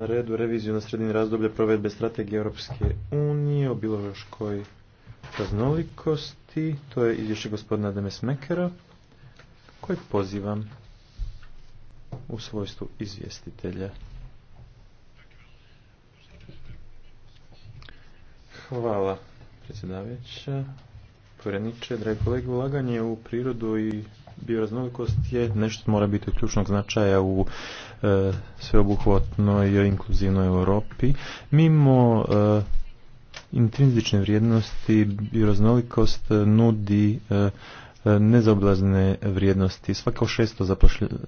na redu reviziju na sredini razdoblje provedbe strategije Europske unije o biološkoj raznolikosti. To je izvješće gospodina Demesmekera koji pozivam u svojstvu izvjestitelja. Hvala predsjedavajuća. Povjereniče, dragi kolege, ulaganje u prirodu i bioraznolikost je nešto što mora biti od ključnog značaja u e, sveobuhvatnoj i inkluzivnoj Europi. Mimo e, intrinzične vrijednosti bioraznolikost nudi e, E, nezaoblazne vrijednosti. Svako šesto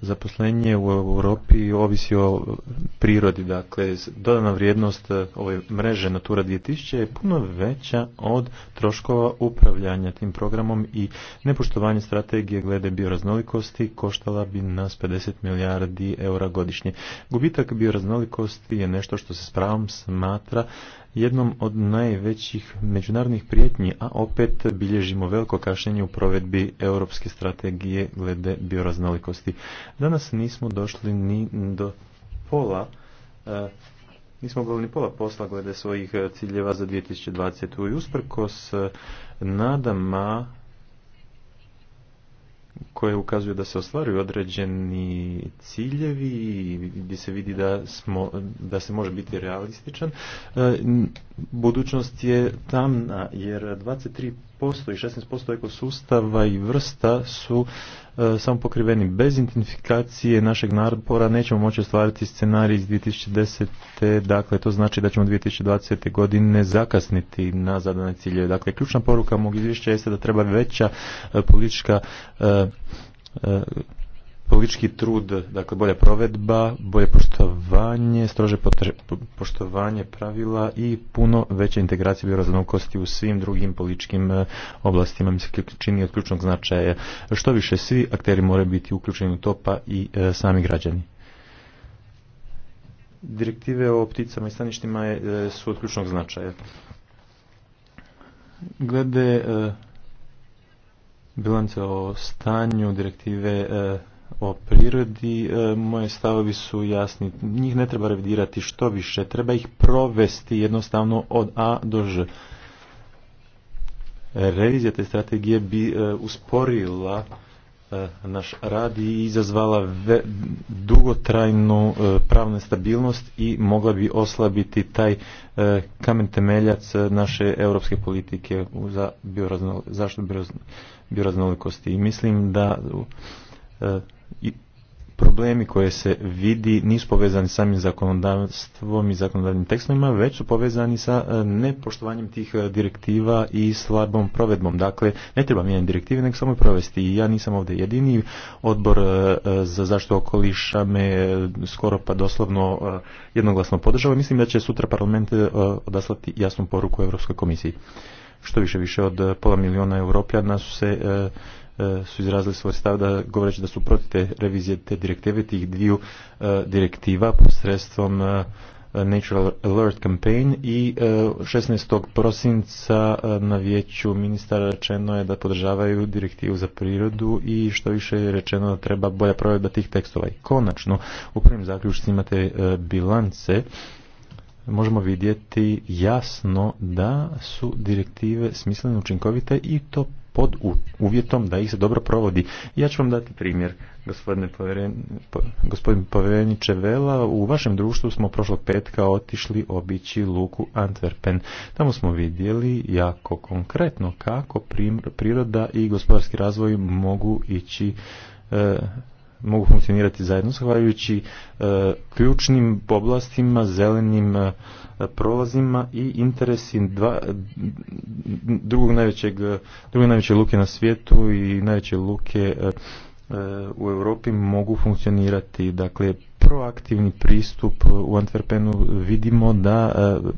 zaposlenje u Europi ovisi o prirodi, dakle dodana vrijednost e, ove mreže Natura 2000 je puno veća od troškova upravljanja tim programom i nepoštovanje strategije glede bioraznolikosti koštala bi nas 50 milijardi eura godišnje. Gubitak bioraznolikosti je nešto što se s pravom smatra jednom od najvećih međunarodnih prijetnji, a opet bilježimo veliko kašnjenje u provedbi europske strategije glede bioraznolikosti. Danas nismo došli ni do pola e, Nismo bili ni pola posla glede svojih ciljeva za 2020. i usprkos e, nadama koje ukazuje da se ostvaruju određeni ciljevi i gdje se vidi da, smo, da se može biti realističan. E, budućnost je tamna jer 23 i 16% ekosustava i vrsta su e, samo pokriveni. Bez identifikacije našeg napora nećemo moći ostvariti scenarij iz 2010. Dakle, to znači da ćemo 2020. godine zakasniti na zadane ciljeve. Dakle, ključna poruka mog izvješća jeste da treba veća e, politička e, politički trud, dakle bolja provedba, bolje poštovanje, strože poštovanje pravila i puno integracija integracije bioraznolikosti u svim drugim političkim e, oblastima mi se čini od ključnog značaja. Što više svi akteri moraju biti uključeni u to pa i e, sami građani. Direktive o pticama i staništima e, su od ključnog značaja. Glede e, bilance o stanju direktive e, o prirodi, e, moje stavovi su jasni. Njih ne treba revidirati što više, treba ih provesti jednostavno od A do Ž. Revizija te strategije bi e, usporila e, naš rad i izazvala dugotrajnu pravnu stabilnost i mogla bi oslabiti taj kamen temeljac naše europske politike za bioraznolikosti. I mislim da problemi koje se vidi nisu povezani samim zakonodavstvom i zakonodavnim tekstovima, već su povezani sa e, nepoštovanjem tih e, direktiva i slabom provedbom. Dakle, ne treba mijenjati direktive, nego samo provesti. I ja nisam ovdje jedini. Odbor e, za zaštitu okoliša me skoro pa doslovno jednoglasno podržava. Mislim da će sutra parlament odaslati jasnu poruku Europskoj komisiji. Što više, više od pola miliona europljana su se E, su izrazili svoj stav da govoreći da su protiv te revizije te direktive, tih dviju e, direktiva posredstvom e, Natural Alert Campaign i 16. prosinca na vijeću ministara rečeno je da podržavaju direktivu za prirodu i što više je rečeno da treba bolja provedba tih tekstova. I konačno, u prvim zaključcima te bilance možemo vidjeti jasno da su direktive smislene učinkovite i to pod uvjetom da ih se dobro provodi. Ja ću vam dati primjer, gospodine gospodin povjereniče Vela, u vašem društvu smo prošlog petka otišli obići luku Antwerpen. Tamo smo vidjeli jako konkretno kako priroda i gospodarski razvoj mogu ići e, mogu funkcionirati zajedno zahvaljujući e, ključnim oblastima, zelenim e, prolazima i interesi dva, drugog najvećeg, druge najveće luke na svijetu i najveće luke e, u Europi mogu funkcionirati. Dakle, proaktivni pristup u Antwerpenu vidimo da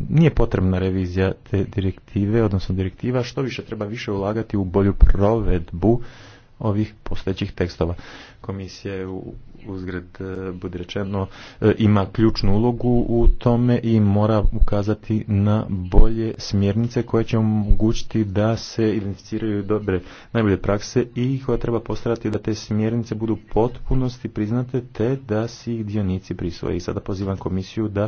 nije potrebna revizija te direktive, odnosno direktiva, što više treba više ulagati u bolju provedbu ovih postojećih tekstova. Komisija je uzgred, e, bude rečeno, e, ima ključnu ulogu u tome i mora ukazati na bolje smjernice koje će omogućiti da se identificiraju dobre, najbolje prakse i koja treba postarati da te smjernice budu potpunosti priznate te da si ih dionici prisvoje. I sada pozivam komisiju da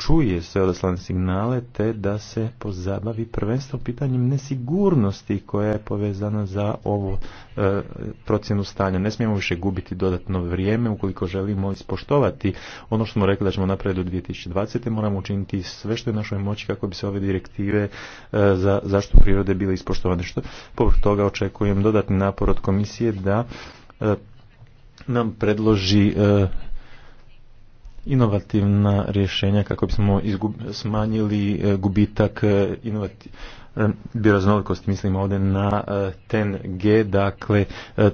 čuje sve odaslane signale te da se pozabavi prvenstvo pitanjem nesigurnosti koja je povezana za ovu e, procjenu stanja. Ne smijemo više gubiti dodatno vrijeme ukoliko želimo ispoštovati ono što smo rekli da ćemo napraviti do 2020. Moramo učiniti sve što je našoj moći kako bi se ove direktive e, za zaštitu prirode bile ispoštovane. Što povrh toga očekujem dodatni napor od komisije da e, nam predloži e, inovativna rješenja kako bismo izgub, smanjili e, gubitak e, inovativ, e, bioraznolikosti, mislim ovdje na ten dakle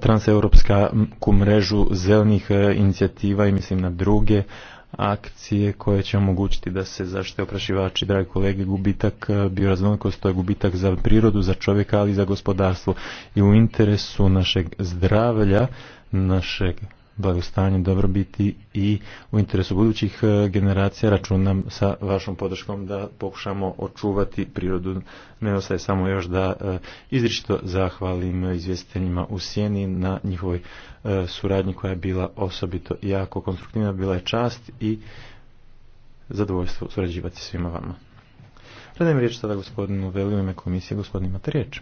transeuropska mrežu zelenih inicijativa i mislim na druge akcije koje će omogućiti da se zaštite oprašivači, dragi kolege, gubitak bioraznolikosti, to je gubitak za prirodu, za čovjeka, ali i za gospodarstvo. I u interesu našeg zdravlja, našeg blagostanju, dobrobiti i u interesu budućih e, generacija računam sa vašom podrškom da pokušamo očuvati prirodu. Ne ostaje samo još da e, izričito zahvalim izvjestiteljima u Sjeni na njihovoj e, suradnji koja je bila osobito jako konstruktivna, bila je čast i zadovoljstvo surađivati svima vama. Predajem riječ sada gospodinu veliju ime komisije, gospodin imate riječ.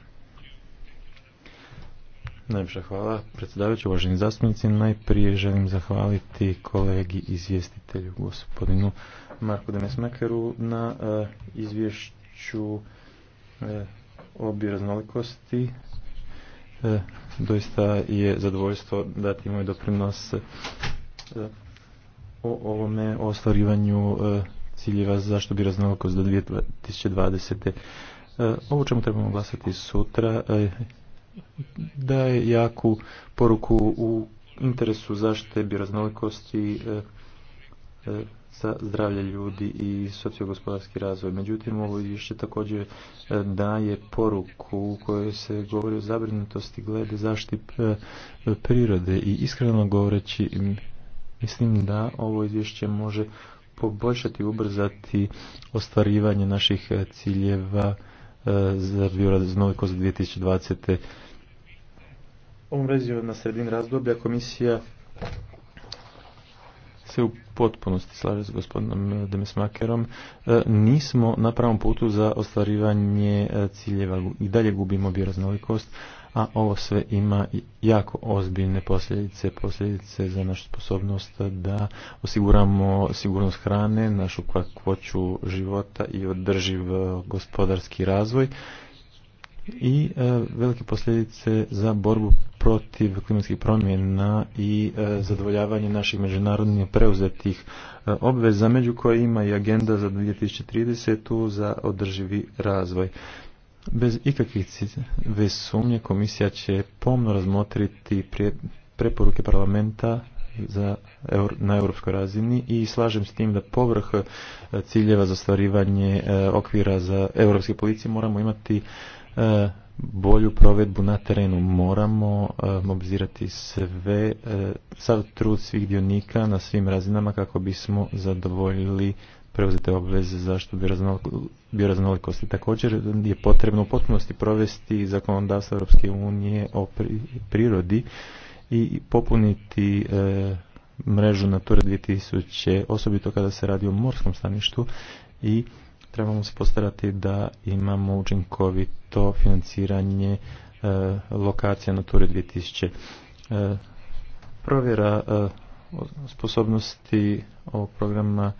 Najviše hvala predsjedavajući, uvaženi zastupnici. Najprije želim zahvaliti kolegi izvjestitelju gospodinu Marku Demesmakeru na e, izvješću e, o bioraznolikosti. raznolikosti. E, doista je zadovoljstvo dati moj doprinos o ovome ostvarivanju ciljeva za bi raznolikost do 2020. Ovo čemu trebamo glasati sutra daje jaku poruku u interesu zaštite bioraznolikosti e, e, za zdravlje ljudi i sociogospodarski razvoj. Međutim, ovo izvješće također e, daje poruku u kojoj se govori o zabrinutosti glede zaštite prirode i iskreno govoreći mislim da ovo izvješće može poboljšati i ubrzati ostvarivanje naših ciljeva za bioraznolikost 2020 ovom vezi na sredin razdoblja komisija se u potpunosti slaže s gospodinom Demesmakerom. E, nismo na pravom putu za ostvarivanje e, ciljeva i dalje gubimo bioraznolikost, a ovo sve ima jako ozbiljne posljedice, posljedice za našu sposobnost da osiguramo sigurnost hrane, našu kakvoću života i održiv e, gospodarski razvoj i velike posljedice za borbu protiv klimatskih promjena i e, zadovoljavanje naših međunarodnih preuzetih e, obveza, među ima i agenda za 2030. za održivi razvoj. Bez ikakvih bez sumnje komisija će pomno razmotriti preporuke parlamenta za, na europskoj razini i slažem s tim da povrh e, ciljeva za stvarivanje okvira za europske policije moramo imati bolju provedbu na terenu. Moramo e, mobilizirati sve, e, sav trud svih dionika na svim razinama kako bismo zadovoljili preuzete obveze zaštitu bioraznolikosti. Također je potrebno u potpunosti provesti zakonodavstvo Europske unije o prirodi i popuniti e, mrežu Natura 2000, osobito kada se radi o morskom staništu i trebamo se postarati da imamo učinkovito financiranje e, lokacija Nature 2000. E, provjera e, sposobnosti ovog programa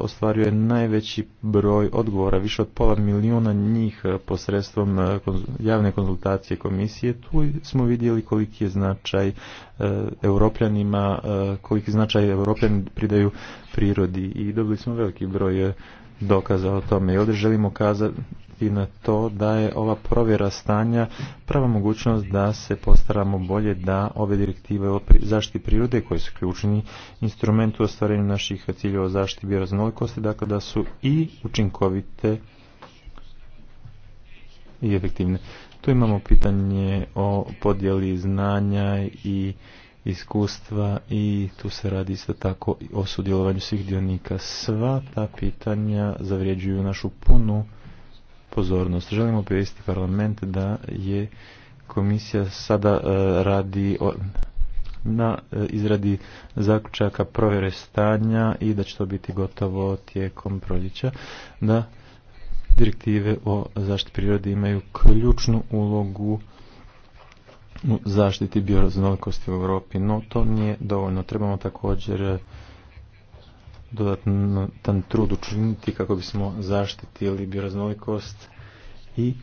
ostvaruje najveći broj odgovora, više od pola milijuna njih posredstvom javne konzultacije komisije. Tu smo vidjeli koliki je značaj europljanima, koliki značaj europljani pridaju prirodi i dobili smo veliki broj dokaza o tome. I ovdje želimo kazati na to da je ova provjera stanja prava mogućnost da se postaramo bolje da ove direktive o zaštiti prirode koji su ključni instrument u ostvarenju naših ciljeva o zaštiti bioraznolikosti, dakle da su i učinkovite i efektivne. Tu imamo pitanje o podjeli znanja i iskustva i tu se radi isto tako o sudjelovanju svih dionika. Sva ta pitanja zavrijeđuju našu punu pozornost. Želimo obavijestiti parlament da je komisija sada e, radi na e, izradi zaključaka provjere stanja i da će to biti gotovo tijekom proljeća da direktive o zaštiti prirode imaju ključnu ulogu u zaštiti bioraznolikosti u Europi, no to nije dovoljno. Trebamo također eh, tan trud učiniti kako bismo zaštitili bioraznolikost i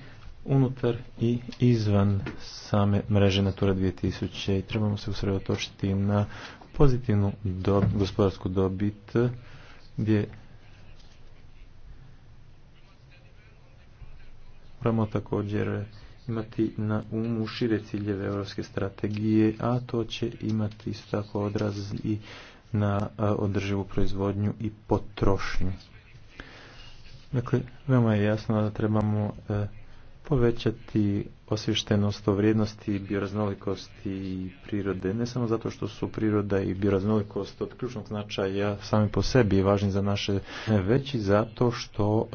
unutar i izvan same mreže Natura 2000 i trebamo se usredotočiti na pozitivnu gospodarsku dobit eh, gdje moramo također eh, imati na umu šire ciljeve europske strategije, a to će imati isto tako odraz i na održivu proizvodnju i potrošnju. Dakle, veoma je jasno da trebamo e, povećati osvještenost o vrijednosti bioraznolikosti i prirode, ne samo zato što su priroda i bioraznolikost od ključnog značaja sami po sebi važni za naše, veći, zato što uh,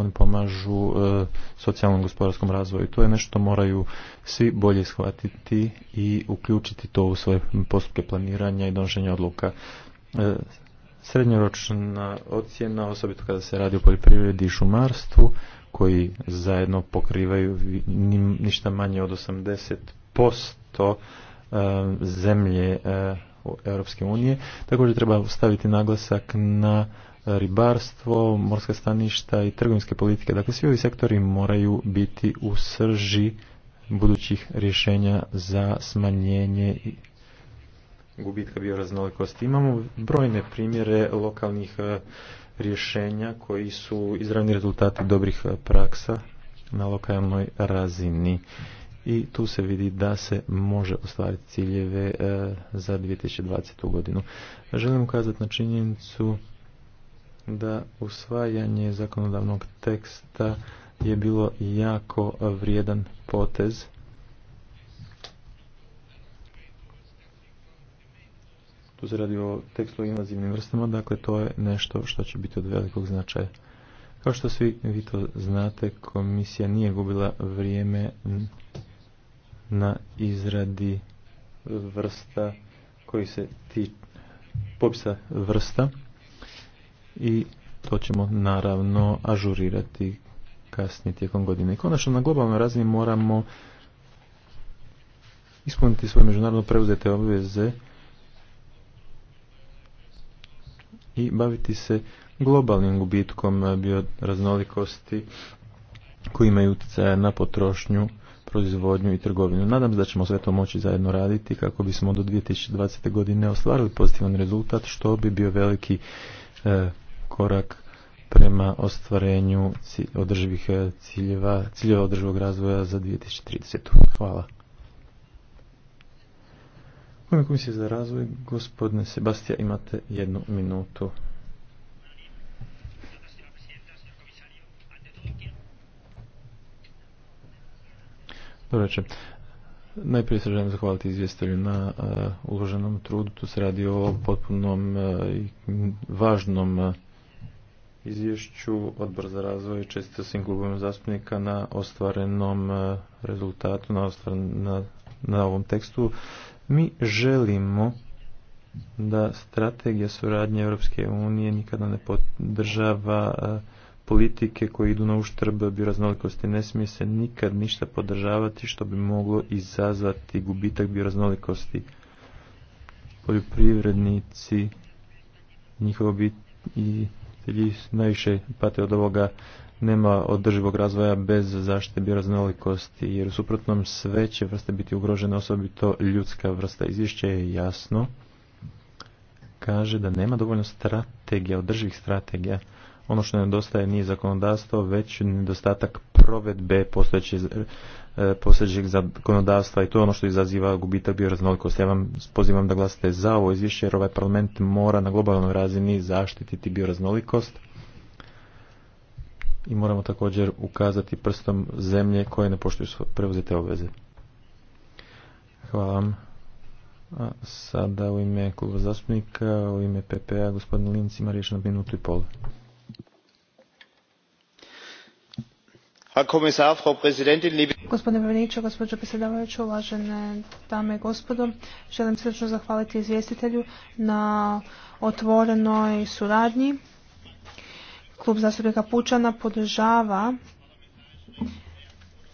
oni pomažu e, socijalnom gospodarskom razvoju. To je nešto moraju svi bolje shvatiti i uključiti to u svoje postupke planiranja i donošenja odluka. E, srednjoročna ocjena, osobito kada se radi o poljoprivredi i šumarstvu, koji zajedno pokrivaju ništa manje od 80% e, zemlje e, Europske unije. Također treba staviti naglasak na ribarstvo, morska staništa i trgovinske politike. Dakle, svi ovi sektori moraju biti u srži budućih rješenja za smanjenje gubitka bioraznolikosti. Imamo brojne primjere lokalnih e, rješenja koji su izravni rezultati dobrih e, praksa na lokalnoj razini i tu se vidi da se može ostvariti ciljeve e, za 2020. godinu. Želim ukazati na činjenicu da usvajanje zakonodavnog teksta je bilo jako vrijedan potez Tu se radi o tekstu invazivnim vrstama, dakle to je nešto što će biti od velikog značaja. Kao što svi vi to znate, komisija nije gubila vrijeme na izradi vrsta koji se ti popisa vrsta i to ćemo naravno ažurirati kasnije tijekom godine. I konačno na globalnoj razini moramo ispuniti svoje međunarodno preuzete obveze i baviti se globalnim gubitkom eh, bioraznolikosti koji imaju utjecaja na potrošnju, proizvodnju i trgovinu. Nadam se da ćemo sve to moći zajedno raditi kako bismo do 2020. godine ostvarili pozitivan rezultat što bi bio veliki eh, korak prema ostvarenju održivih eh, ciljeva, ciljeva održivog razvoja za 2030. Hvala. U ime Komisije za razvoj, gospodine Sebastija, imate jednu minutu. Dobro večer. Najprije se želim zahvaliti izvjestelju na uh, uloženom trudu. Tu se radi o potpunom e, i važnom e, izvješću. Odbor za razvoj čestite svim klubovima zastupnika na ostvarenom rezultatu, na, ostvaren, na, na ovom tekstu. Mi želimo da strategija suradnje Europske unije nikada ne podržava e, politike koje idu na uštrb bioraznolikosti. Ne smije se nikad ništa podržavati što bi moglo izazvati gubitak bioraznolikosti. Poljoprivrednici, njihovi i najviše pate od ovoga nema održivog razvoja bez zaštite bioraznolikosti, jer u suprotnom sve će vrste biti ugrožene, osobito ljudska vrsta. Izvješće je jasno, kaže da nema dovoljno strategija, održivih strategija. Ono što nedostaje nije zakonodavstvo, već nedostatak provedbe e, postojećeg zakonodavstva i to je ono što izaziva gubitak bioraznolikosti. Ja vam pozivam da glasite za ovo izvješće jer ovaj parlament mora na globalnoj razini zaštititi bioraznolikost i moramo također ukazati prstom zemlje koje ne poštuju preuzete obveze. Hvala vam. A sada u ime kluba zastupnika, u ime PPA, gospodin Linc ima riječ na minutu i pol. Gospodine Vrniće, gospođo predsjedavajuća, uvažene dame i gospodo, želim srčno zahvaliti izvjestitelju na otvorenoj suradnji Klub zastupnika Pučana podržava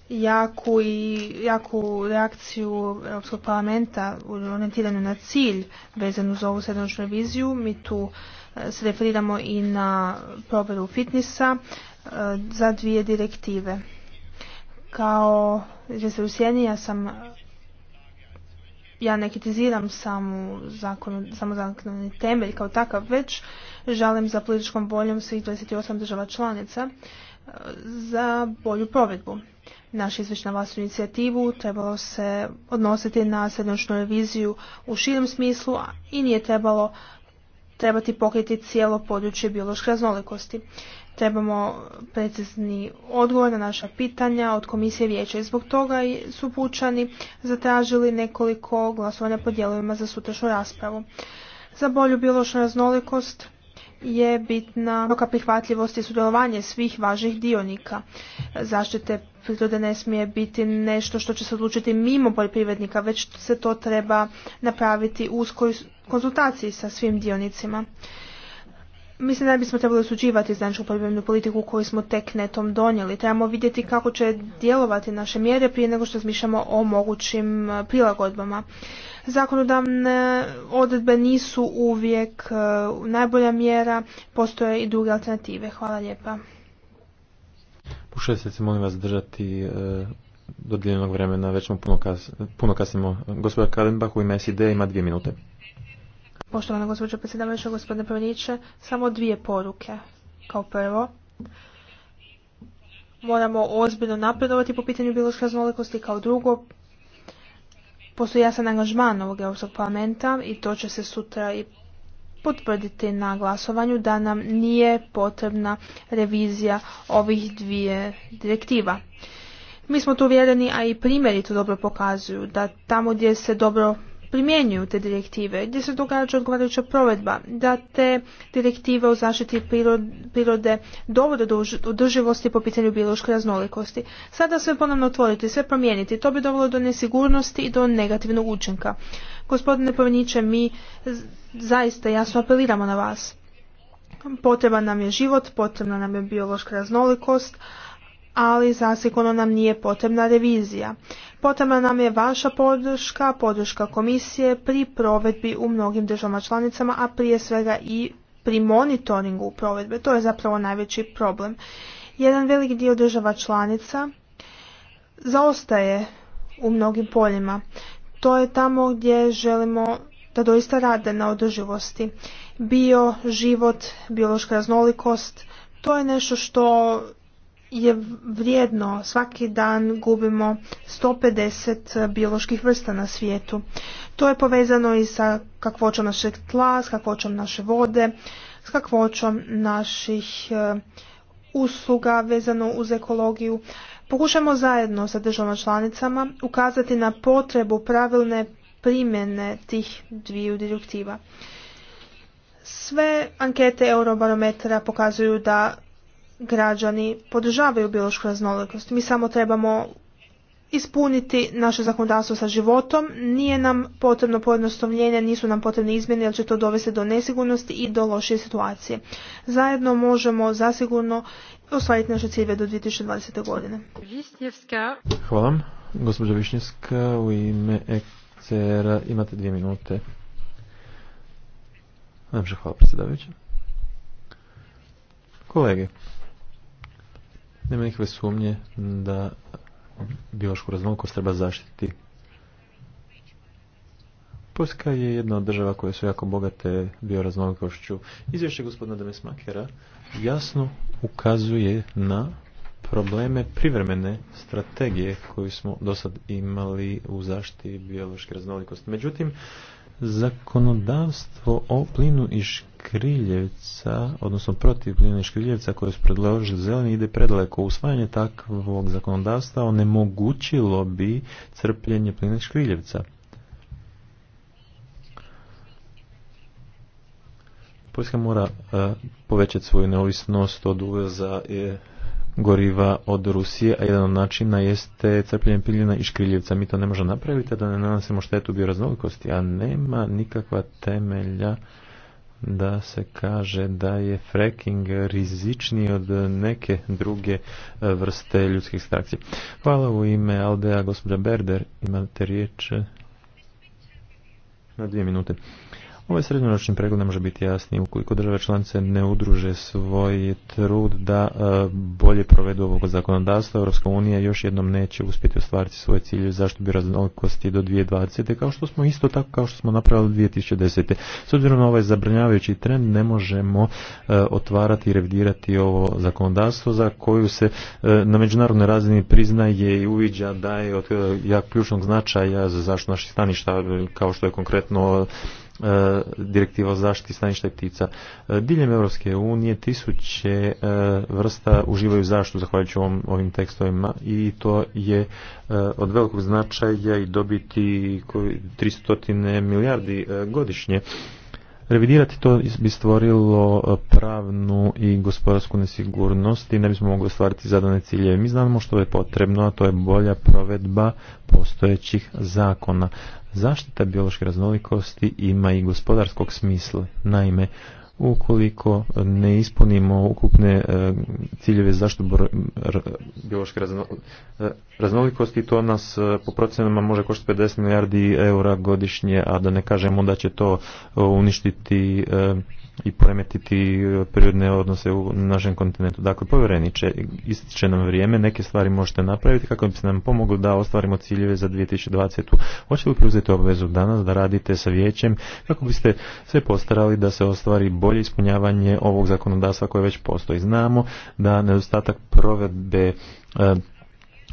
jaku i jaku reakciju Europskog parlamenta u na cilj vezan uz ovu srednočnu reviziju. Mi tu e, se referiramo i na proveru fitnessa e, za dvije direktive. Kao u Sjeni ja sam ja ne kritiziram samu zakon, samo zakonodavni temelj kao takav, već žalim za političkom voljom svih 28 država članica e, za bolju provedbu. Naš izvješć na vlastnu inicijativu trebalo se odnositi na srednjočnu reviziju u širem smislu i nije trebalo trebati pokriti cijelo područje biološke raznolikosti. Trebamo precizni odgovor na naša pitanja od komisije vijeća i zbog toga su pučani zatražili nekoliko glasovanja po dijelovima za sutrašnju raspravu. Za bolju biološku raznolikost je bitna roka prihvatljivosti i sudjelovanje svih važnih dionika. Zaštite prirode ne smije biti nešto što će se odlučiti mimo poljoprivrednika, već se to treba napraviti u uskoj konzultaciji sa svim dionicima. Mislim da bismo trebali osuđivati znači poljoprivrednu politiku koju smo tek netom donijeli. Trebamo vidjeti kako će djelovati naše mjere prije nego što zmišljamo o mogućim e, prilagodbama. Zakonodavne odredbe nisu uvijek e, najbolja mjera, postoje i druge alternative. Hvala lijepa. Pokušajte se molim vas držati e, dodijeljenog vremena, već smo puno, kasnimo. Gospodin Kalimbah u ime SID ima dvije minute. Poštovana gospođo predsjedavajuća, gospodine Prvniće, samo dvije poruke. Kao prvo, moramo ozbiljno napredovati po pitanju biološke raznolikosti. Kao drugo, postoji jasan angažman ovog Europskog parlamenta i to će se sutra i potvrditi na glasovanju da nam nije potrebna revizija ovih dvije direktiva. Mi smo tu uvjereni, a i primjeri to dobro pokazuju, da tamo gdje se dobro primjenjuju te direktive, gdje se događa odgovarajuća provedba, da te direktive o zaštiti prirode dovode do održivosti po pitanju biološke raznolikosti. Sada sve ponovno otvoriti, sve promijeniti, to bi dovelo do nesigurnosti i do negativnog učinka. Gospodine Poveniće, mi zaista jasno apeliramo na vas. Potreban nam je život, potrebna nam je biološka raznolikost, ali zasigurno nam nije potrebna revizija. Potrebna nam je vaša podrška, podrška komisije pri provedbi u mnogim državama članicama, a prije svega i pri monitoringu provedbe. To je zapravo najveći problem. Jedan veliki dio država članica zaostaje u mnogim poljima. To je tamo gdje želimo da doista rade na održivosti. Bio, život, biološka raznolikost, to je nešto što je vrijedno. Svaki dan gubimo 150 eh, bioloških vrsta na svijetu. To je povezano i sa kakvoćom našeg tla, s kakvoćom naše vode, s kakvoćom naših eh, usluga vezano uz ekologiju. Pokušajmo zajedno sa državama članicama ukazati na potrebu pravilne primjene tih dviju direktiva. Sve ankete Eurobarometra pokazuju da građani podržavaju biološku raznolikost. Mi samo trebamo ispuniti naše zakonodavstvo sa životom, nije nam potrebno pojednostavljenje, nisu nam potrebne izmjene jer će to dovesti do nesigurnosti i do loše situacije. Zajedno možemo zasigurno ostvariti naše ciljeve do 2020. godine. Hvala vam. Gospođa Višnjevska u ime ecr imate dvije minute. Najpšte hvala Kolege, nema nikakve sumnje da biološku raznolikost treba zaštiti. Poljska je jedna od država koje su jako bogate bioraznolikošću. Izvješće gospodina Demesmakera jasno ukazuje na probleme privremene strategije koju smo do sad imali u zaštiti biološke raznolikosti. Međutim, zakonodavstvo o plinu i Kriljevca, odnosno protiv Ljenja Škriljevca koje su predložili zeleni ide predaleko. Usvajanje takvog zakonodavstva onemogućilo bi crpljenje Plina Škriljevca. Poljska mora e, povećati svoju neovisnost od uvoza je goriva od Rusije, a jedan od načina jeste crpljenje piljina i škriljevca. Mi to ne možemo napraviti, da ne nanosimo štetu bioraznolikosti, a nema nikakva temelja da se kaže da je fracking rizični od neke druge e, vrste ljudskih strakcija. Hvala u ime Aldea, gospođa Berder, imate riječ e, na dvije minute. Ovaj srednjoročni pregled ne može biti jasniji ukoliko države članice ne udruže svoj trud da e, bolje provedu ovog zakonodavstva. Europska unija još jednom neće uspjeti ostvariti svoje cilje zašto bi raznolikosti do 2020. kao što smo isto tako kao što smo napravili 2010. S obzirom na ovaj zabranjavajući trend ne možemo e, otvarati i revidirati ovo zakonodavstvo za koju se e, na međunarodnoj razini priznaje i uviđa da je od jak ključnog značaja za zaštitu naših staništa kao što je konkretno E, direktiva o zaštiti staništa i ptica. E, diljem Europske unije tisuće e, vrsta uživaju zaštitu zahvaljujući ovim tekstovima i to je od velikog značaja i dobiti 300 milijardi godišnje. Revidirati to bi stvorilo pravnu i gospodarsku nesigurnost i ne bismo mogli ostvariti zadane ciljeve. Mi znamo što je potrebno, a to je bolja provedba postojećih zakona zaštita biološke raznolikosti ima i gospodarskog smisla. Naime, ukoliko ne ispunimo ukupne e, ciljeve zaštitu biološke e, raznolikosti, to nas e, po procenama može koštati 50 milijardi eura godišnje, a da ne kažemo da će to uništiti i poremetiti e, prirodne odnose u našem kontinentu. Dakle, povjereniče, ističe nam vrijeme, neke stvari možete napraviti kako bi se nam pomoglo da ostvarimo ciljeve za 2020. Hoćete li preuzeti obvezu danas da radite sa vijećem kako biste sve postarali da se ostvari bolje ispunjavanje ovog zakonodavstva koje već postoji. Znamo da nedostatak provedbe e,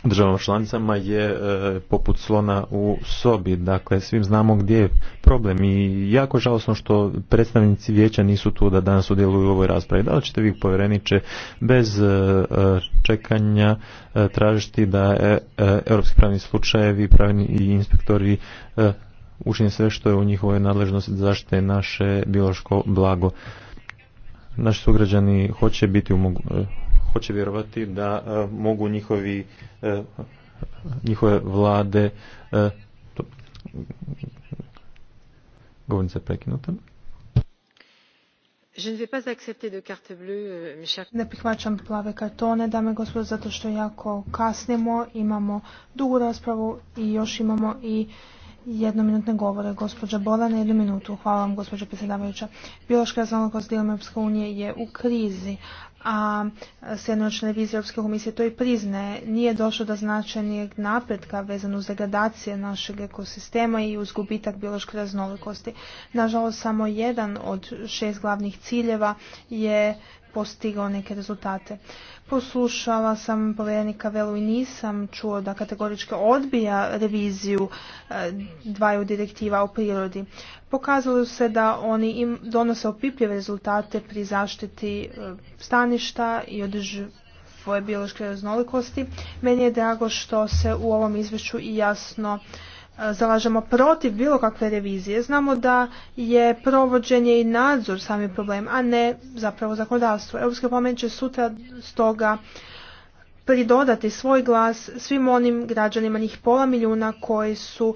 državama članicama je e, poput slona u sobi. Dakle, svim znamo gdje je problem i jako žalosno što predstavnici vijeća nisu tu da danas udjeluju u ovoj raspravi. Da li ćete vi povjereniče bez e, e, čekanja tražiti da europski pravni slučajevi pravni i inspektori učine sve što je u njihovoj nadležnosti zaštite naše biološko blago naši sugrađani hoće biti u mogu, hoće vjerovati da e, mogu njihovi, e, njihove vlade e, govornica je prekinuta. Ne prihvaćam plave kartone, dame i gospodo, zato što jako kasnimo, imamo dugu raspravu i još imamo i jednominutne govore. Gospođa Bola na jednu minutu. Hvala vam, gospođo predsjedavajuća. Biološka raznolikost dilema Europske unije je u krizi, a srednjoročna revizija Europske komisije to i priznaje. Nije došlo do značajnijeg napretka vezano uz degradacije našeg ekosistema i uz gubitak biološke raznolikosti. Nažalost, samo jedan od šest glavnih ciljeva je postigao neke rezultate. Poslušala sam povjerenika Velu i nisam čuo da kategorički odbija reviziju e, dvaju direktiva o prirodi. Pokazalo se da oni im donose opipljive rezultate pri zaštiti e, staništa i svoje biološke raznolikosti. Meni je drago što se u ovom izvješću i jasno zalažemo protiv bilo kakve revizije. Znamo da je provođenje i nadzor sami problem, a ne zapravo zakonodavstvo. Europski parlament će sutra stoga pridodati svoj glas svim onim građanima, njih pola milijuna koji su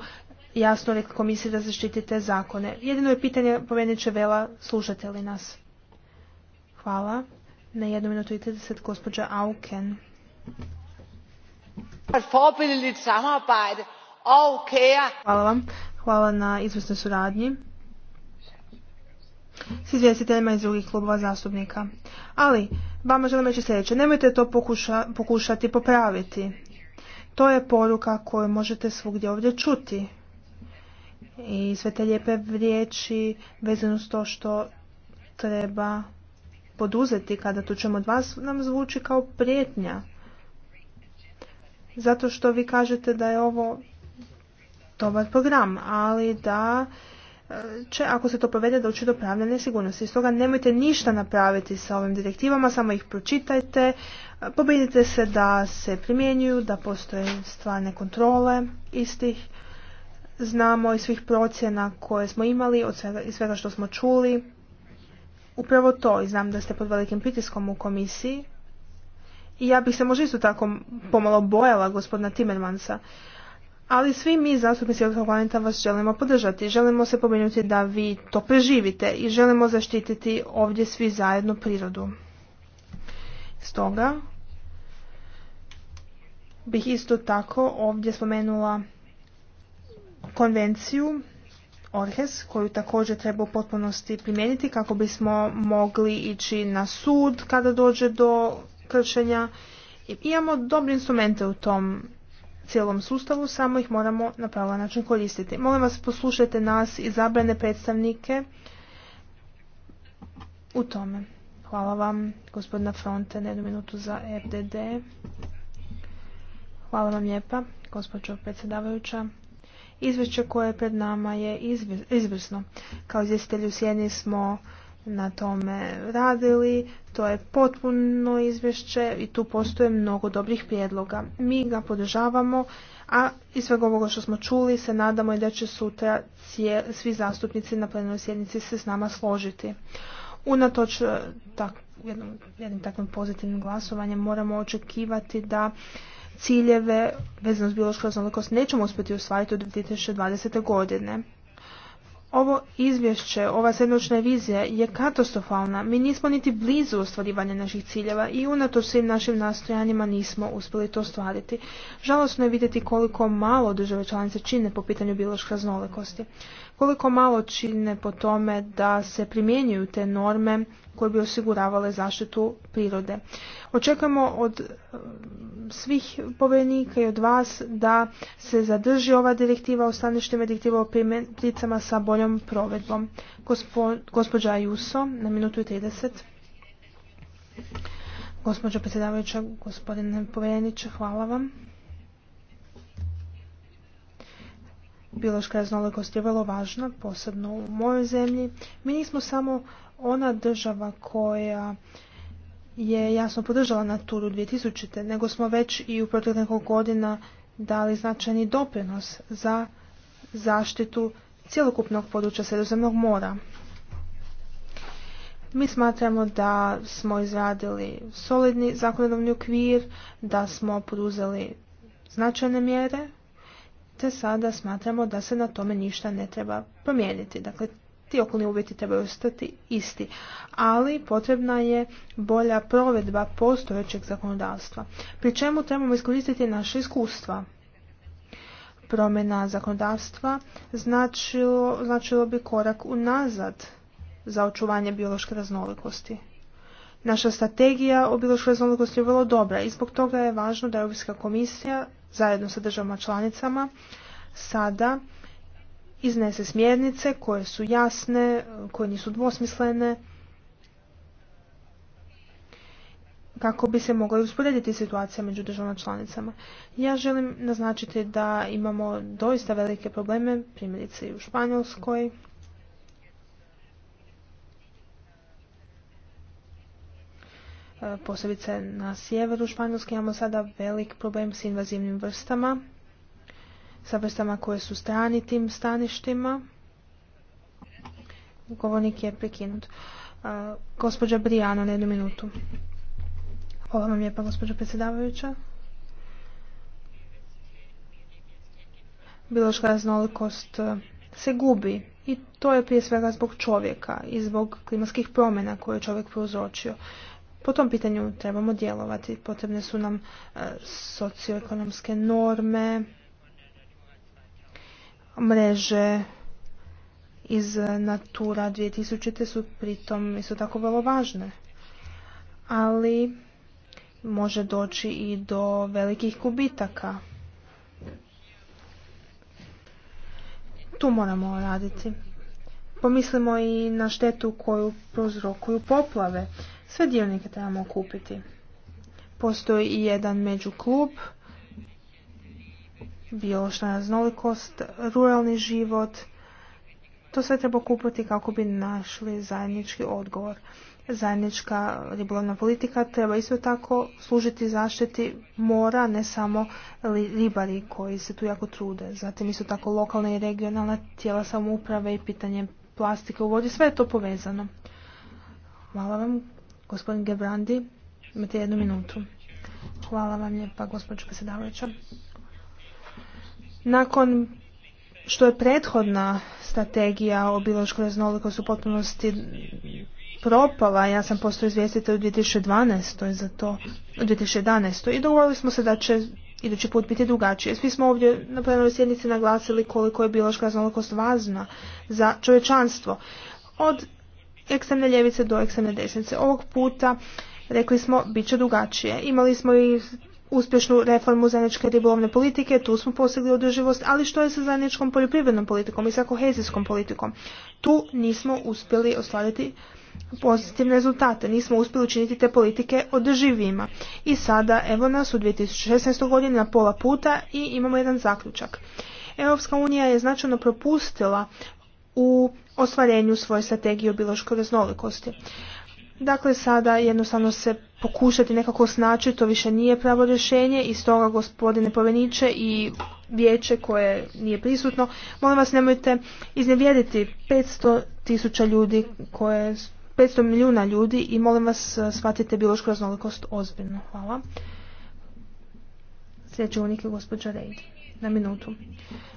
jasno rekli komisiji da te zakone. Jedino je pitanje će Vela, slušate li nas? Hvala. Na jednu minutu i 30, gospođa Auken. Hvala vam. Hvala na izvrsnoj suradnji s izvjestiteljima iz drugih klubova zastupnika. Ali, vama želim reći sljedeće. Nemojte to pokušati popraviti. To je poruka koju možete svugdje ovdje čuti. I sve te lijepe riječi vezano s to što treba poduzeti kada tu ćemo od vas nam zvuči kao prijetnja. Zato što vi kažete da je ovo dobar program, ali da e, će, ako se to povede doći do pravne nesigurnosti. Stoga nemojte ništa napraviti sa ovim direktivama, samo ih pročitajte, e, pobedite se da se primjenjuju, da postoje stvarne kontrole istih. Znamo iz svih procjena koje smo imali, od svega, iz svega što smo čuli. Upravo to, i znam da ste pod velikim pritiskom u komisiji. I ja bih se možda isto tako pomalo bojala gospodina Timmermansa ali svi mi zastupnici Europskog parlamenta vas želimo podržati. Želimo se pobrinuti da vi to preživite i želimo zaštititi ovdje svi zajedno prirodu. Stoga bih isto tako ovdje spomenula konvenciju Orhes koju također treba u potpunosti primijeniti kako bismo mogli ići na sud kada dođe do kršenja. Imamo dobre instrumente u tom cijelom sustavu, samo ih moramo na pravi način koristiti. Molim vas poslušajte nas izabrane predstavnike u tome. Hvala vam, gospodina Fronte, na jednu minutu za FDD. Hvala vam lijepa, gospođo predsjedavajuća. Izvješće koje je pred nama je izvrsno. Kao izvjestitelji u Sjeni smo na tome radili. To je potpuno izvješće i tu postoje mnogo dobrih prijedloga. Mi ga podržavamo, a iz svega ovoga što smo čuli se nadamo i da će sutra cije, svi zastupnici na plenarnoj sjednici se s nama složiti. Unatoč e, tak, jednom, jednim takvim pozitivnim glasovanjem moramo očekivati da ciljeve vezano s biološkoj raznolikost nećemo uspjeti ostvariti od 2020. godine. Ovo izvješće, ova sedmočna vizija je katastrofalna. Mi nismo niti blizu ostvarivanja naših ciljeva i unatoč svim našim nastojanjima nismo uspjeli to ostvariti. Žalosno je vidjeti koliko malo države članice čine po pitanju biološke raznolikosti koliko malo čine po tome da se primjenjuju te norme koje bi osiguravale zaštitu prirode. Očekujemo od eh, svih povjerenika i od vas da se zadrži ova direktiva o staništima i direktiva o pticama sa boljom provedbom. Gospo, gospođa Juso, na minutu i 30. Gospođo predsjedavajuća, gospodine povjereniče, hvala vam. biološka raznolikost je vrlo važna, posebno u mojoj zemlji. Mi nismo samo ona država koja je jasno podržala Naturu 2000. nego smo već i u proteklih godina dali značajni doprinos za zaštitu cjelokupnog područja Sredozemnog mora. Mi smatramo da smo izradili solidni zakonodavni okvir, da smo poduzeli značajne mjere te sada smatramo da se na tome ništa ne treba promijeniti. Dakle, ti okolni uvjeti trebaju ostati isti, ali potrebna je bolja provedba postojećeg zakonodavstva, pri čemu trebamo iskoristiti naše iskustva. Promjena zakonodavstva značilo, značilo bi korak unazad za očuvanje biološke raznolikosti. Naša strategija o biološkoj raznolikosti je vrlo dobra i zbog toga je važno da Europska komisija zajedno sa državama članicama sada iznese smjernice koje su jasne, koje nisu dvosmislene, kako bi se mogla usporediti situacija među državama članicama. Ja želim naznačiti da imamo doista velike probleme, primjerice i u Španjolskoj, E, posebice na sjeveru Španjolske imamo sada velik problem s invazivnim vrstama, sa vrstama koje su strani tim staništima. Govornik je prekinut. E, gospođa Brijano, na jednu minutu. Hvala vam lijepa, gospođa predsjedavajuća. biloška raznolikost e, se gubi i to je prije svega zbog čovjeka i zbog klimatskih promjena koje je čovjek prouzročio. Po tom pitanju trebamo djelovati. Potrebne su nam e, socioekonomske norme, mreže iz e, Natura 2000 su pritom isto tako vrlo važne. Ali može doći i do velikih kubitaka. Tu moramo raditi. Pomislimo i na štetu koju prozrokuju poplave. Sve dionike trebamo kupiti. Postoji i jedan međuklub, biološna raznolikost, ruralni život. To sve treba kupiti kako bi našli zajednički odgovor. Zajednička ribolovna politika treba isto tako služiti zaštiti mora, ne samo ribari koji se tu jako trude. Zatim isto tako lokalna i regionalna tijela samouprave i pitanje plastike u vodi, sve je to povezano. Hvala vam Gospodin Gebrandi, imate jednu minutu. Hvala vam lijepa, gospođo predsjedavajuća. Nakon što je prethodna strategija o biološkoj raznolikosti u potpunosti propala, ja sam postao izvjestitelj u 2012. za to, u 2011. i dogovorili smo se da će idući put biti drugačije. Svi smo ovdje na plenarnoj sjednici naglasili koliko je biološka raznolikost važna za čovječanstvo. Od ekstremne ljevice do ekstremne desnice. Ovog puta rekli smo bit će drugačije. Imali smo i uspješnu reformu zajedničke ribolovne politike, tu smo postigli održivost, ali što je sa zajedničkom poljoprivrednom politikom i sa kohezijskom politikom? Tu nismo uspjeli ostvariti pozitivne rezultate, nismo uspjeli učiniti te politike održivima. I sada, evo nas u 2016. godini na pola puta i imamo jedan zaključak. Europska unija je značajno propustila u ostvarenju svoje strategije o raznolikosti. Dakle, sada jednostavno se pokušati nekako snaći, to više nije pravo rješenje i stoga gospodine poveniče i vijeće koje nije prisutno, molim vas nemojte iznevjeriti 500 ljudi koje 500 milijuna ljudi i molim vas shvatite biološku raznolikost ozbiljno. Hvala. Sljedeći unik gospođa Reid na minutu.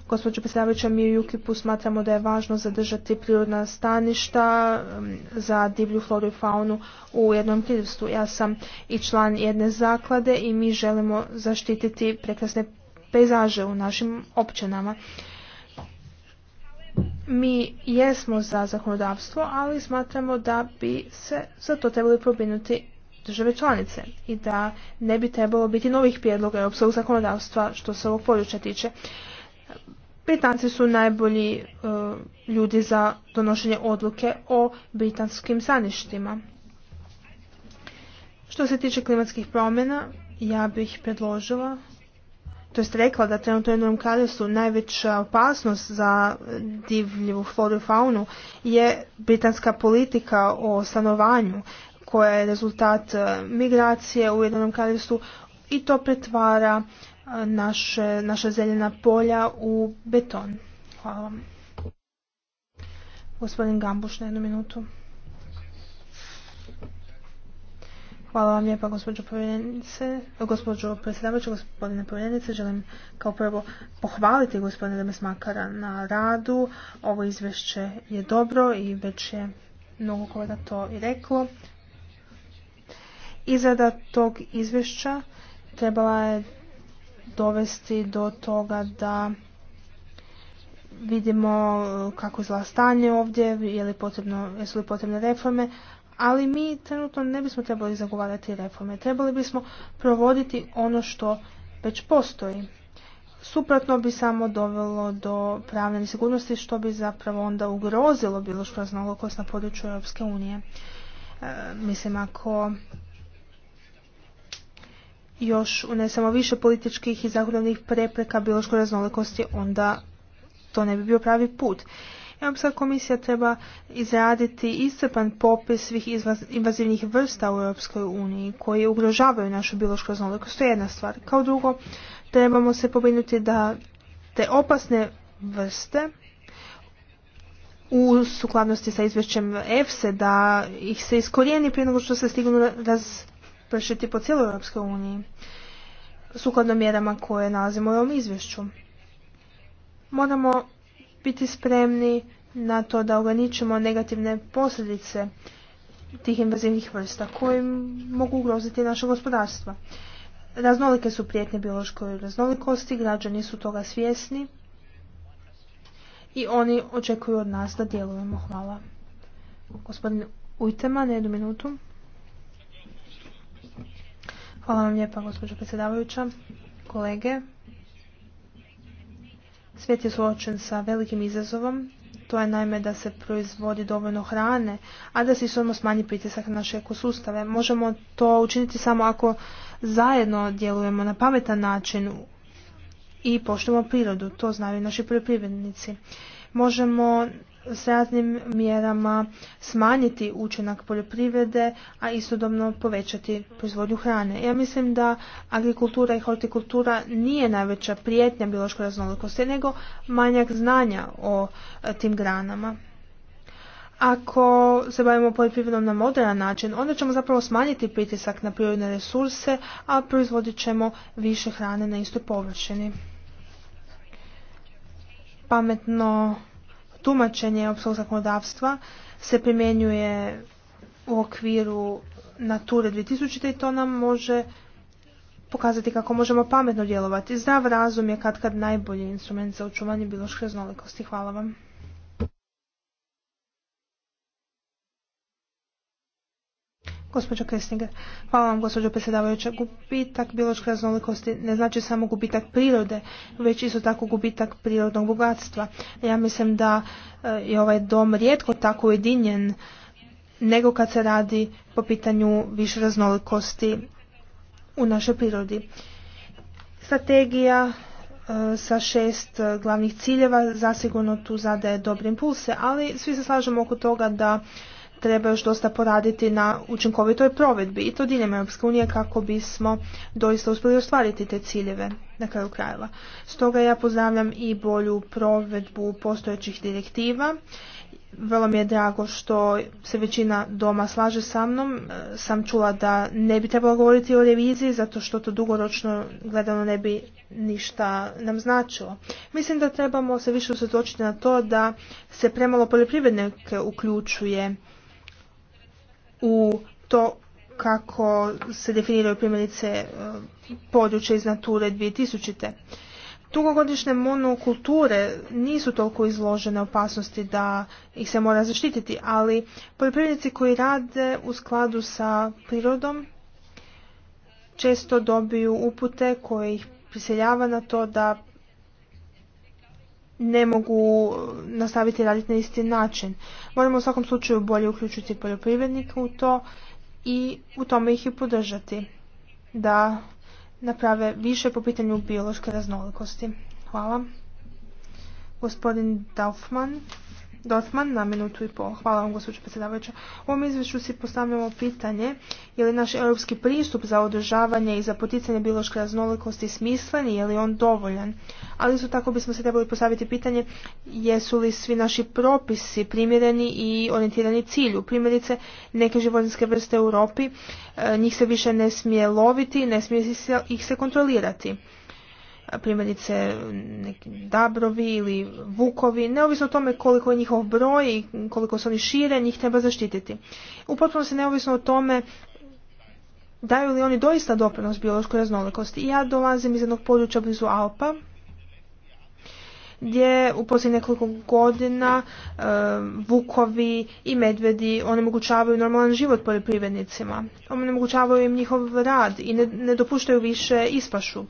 Gospođo predsjedavajuća, mi u ukip smatramo da je važno zadržati prirodna staništa za divlju floru i faunu u jednom prirodstvu. Ja sam i član jedne zaklade i mi želimo zaštititi prekrasne pejzaže u našim općinama. Mi jesmo za zakonodavstvo, ali smatramo da bi se za to trebali probinuti države članice i da ne bi trebalo biti novih prijedloga europskog zakonodavstva što se ovog područja tiče. Britanci su najbolji e, ljudi za donošenje odluke o britanskim saništima. Što se tiče klimatskih promjena, ja bih predložila, to jest rekla da trenutno u jednom kraljevstvu najveća opasnost za divlju floru i faunu je britanska politika o stanovanju koja je rezultat e, migracije u jednom kraljevstvu i to pretvara e, naše, naša zeljena polja u beton. Hvala vam. Gospodin Gambuš na jednu minutu. Hvala vam lijepa gospođo povjerenice, gospođo predsjedavajuća, gospodine povjerenice. Želim kao prvo pohvaliti gospodine Makara na radu. Ovo izvješće je dobro i već je mnogo koga to i reklo. Izrada tog izvješća trebala je dovesti do toga da vidimo kako je stanje ovdje, je li potrebno, jesu li potrebne reforme, ali mi trenutno ne bismo trebali zagovarati reforme. Trebali bismo provoditi ono što već postoji. Suprotno bi samo dovelo do pravne nesigurnosti što bi zapravo onda ugrozilo bilo što raznolikost na području Europske unije. E, mislim ako još unesemo više političkih i zakonodavnih prepreka biološkoj raznolikosti, onda to ne bi bio pravi put. Europska komisija treba izraditi iscrpan popis svih invazivnih vrsta u Europskoj uniji koji ugrožavaju našu biološku raznolikost. To je jedna stvar. Kao drugo, trebamo se pobrinuti da te opasne vrste u sukladnosti sa izvješćem EFSE da ih se iskorijeni prije nego što se stignu raz, vršiti po cijeloj Europskoj uniji, sukladno mjerama koje nalazimo u ovom izvješću. Moramo biti spremni na to da ograničimo negativne posljedice tih invazivnih vrsta koje mogu ugroziti naše gospodarstva. Raznolike su prijetnje biološkoj raznolikosti, građani su toga svjesni i oni očekuju od nas da djelujemo. Hvala. Gospodin Ujtema, na jednu minutu. Hvala vam lijepa, gospođo predsjedavajuća. Kolege, svijet je suočen sa velikim izazovom. To je naime da se proizvodi dovoljno hrane, a da se istodobno smanji pritisak na naše ekosustave. Možemo to učiniti samo ako zajedno djelujemo na pametan način i poštujemo prirodu. To znaju naši poljoprivrednici. Možemo s raznim mjerama smanjiti učinak poljoprivrede, a istodobno povećati proizvodnju hrane. Ja mislim da agrikultura i hortikultura nije najveća prijetnja biološkoj raznolikosti, nego manjak znanja o e, tim granama. Ako se bavimo poljoprivredom na modern način, onda ćemo zapravo smanjiti pritisak na prirodne resurse, a proizvodit ćemo više hrane na istoj površini. Pametno tumačenje europskog zakonodavstva se primjenjuje u okviru Nature 2000 i to nam može pokazati kako možemo pametno djelovati. Zdrav razum je kad kad najbolji instrument za očuvanje biološke raznolikosti. Hvala vam. Gospođo Kresninger, hvala vam gospođo predsjedavajuća. Gubitak biološke raznolikosti ne znači samo gubitak prirode, već isto tako gubitak prirodnog bogatstva. Ja mislim da eh, je ovaj dom rijetko tako ujedinjen nego kad se radi po pitanju više raznolikosti u našoj prirodi. Strategija eh, sa šest eh, glavnih ciljeva zasigurno tu zadaje dobre impulse, ali svi se slažemo oko toga da treba još dosta poraditi na učinkovitoj provedbi i to diljem Europske unije kako bismo doista uspjeli ostvariti te ciljeve na kraju krajeva. Stoga ja pozdravljam i bolju provedbu postojećih direktiva. Vrlo mi je drago što se većina doma slaže sa mnom. E, sam čula da ne bi trebalo govoriti o reviziji zato što to dugoročno gledano ne bi ništa nam značilo. Mislim da trebamo se više usredočiti na to da se premalo poljoprivrednike uključuje u to kako se definiraju primjerice e, područje iz Nature 2000. Dugogodišnje monokulture nisu toliko izložene opasnosti da ih se mora zaštititi, ali poljoprivrednici koji rade u skladu sa prirodom često dobiju upute koje ih prisiljava na to da ne mogu nastaviti raditi na isti način. Moramo u svakom slučaju bolje uključiti poljoprivrednike u to i u tome ih i podržati da naprave više po pitanju biološke raznolikosti. Hvala. Gospodin Daufman. Dotman na minutu i pol. Hvala vam, gospođo predsjedavajuća. U ovom izvješću si postavljamo pitanje je li naš europski pristup za održavanje i za poticanje biološke raznolikosti smislen i je li on dovoljan. Ali isto tako bismo se trebali postaviti pitanje jesu li svi naši propisi primjereni i orijentirani cilju. Primjerice, neke životinske vrste u Europi, e, njih se više ne smije loviti, ne smije ih se kontrolirati primjerice neki dabrovi ili vukovi, neovisno o tome koliko je njihov broj i koliko su oni šire, njih treba zaštititi. U potpunosti neovisno o tome daju li oni doista doprinos biološkoj raznolikosti. Ja dolazim iz jednog područja blizu Alpa, gdje u posljednjih nekoliko godina e, vukovi i medvedi onemogućavaju normalan život poljoprivrednicima. Onemogućavaju im njihov rad i ne, ne dopuštaju više ispašu.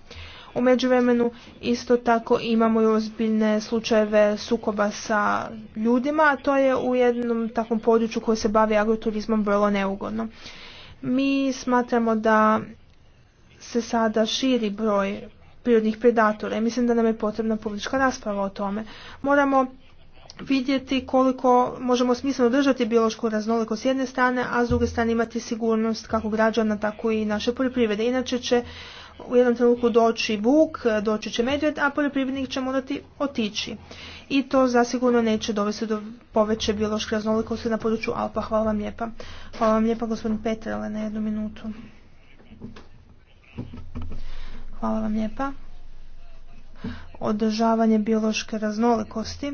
U međuvremenu isto tako imamo i ozbiljne slučajeve sukoba sa ljudima, a to je u jednom takvom području koje se bavi agroturizmom vrlo neugodno. Mi smatramo da se sada širi broj prirodnih predatora i mislim da nam je potrebna politička rasprava o tome. Moramo vidjeti koliko možemo smisleno držati biološku raznolikost s jedne strane, a s druge strane imati sigurnost kako građana, tako i naše poljoprivrede. Inače će u jednom trenutku doći buk, e, doći će medvjed, a poljoprivrednik će morati otići. I to zasigurno neće dovesti do poveće biološke raznolikosti na području Alpa. Hvala vam lijepa. Hvala vam lijepa gospodin Petrele na jednu minutu. Hvala vam lijepa. Održavanje biološke raznolikosti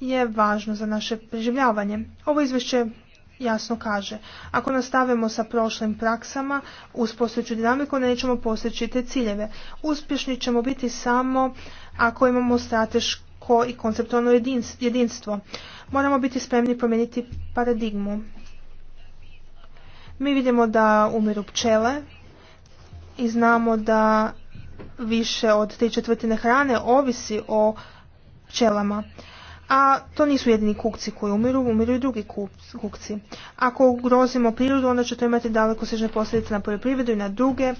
je važno za naše preživljavanje. Ovo izvješće jasno kaže. Ako nastavimo sa prošlim praksama uz postojeću dinamiku nećemo postići te ciljeve. Uspješni ćemo biti samo ako imamo strateško i konceptualno jedinstvo. Moramo biti spremni promijeniti paradigmu. Mi vidimo da umiru pčele i znamo da više od tri četvrtine hrane ovisi o pčelama. A to nisu jedini kukci koji umiru, umiru i drugi kukci. Ako ugrozimo prirodu, onda će to imati daleko sežne posljedice na poljoprivredu i na druge e,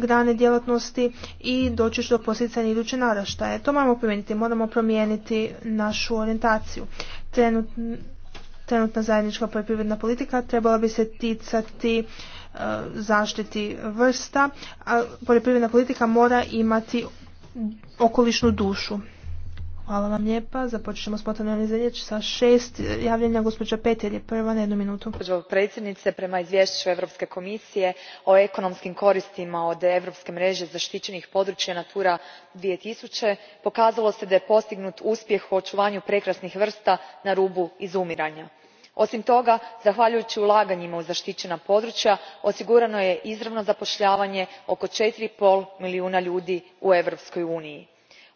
grane djelatnosti i doći će do posljedica iduće naraštaje. To moramo promijeniti, moramo promijeniti našu orijentaciju. trenutna zajednička poljoprivredna politika trebala bi se ticati e, zaštiti vrsta, a poljoprivredna politika mora imati okolišnu dušu. Hvala vam lijepa. Započet spontano za sa šest javljenja gospođa Petir je prva na jednu minutu. Gospođo predsjednice, prema izvješću Europske komisije o ekonomskim koristima od Europske mreže zaštićenih područja Natura 2000 pokazalo se da je postignut uspjeh u očuvanju prekrasnih vrsta na rubu izumiranja. Osim toga, zahvaljujući ulaganjima u zaštićena područja osigurano je izravno zapošljavanje oko 4,5 milijuna ljudi u Europskoj uniji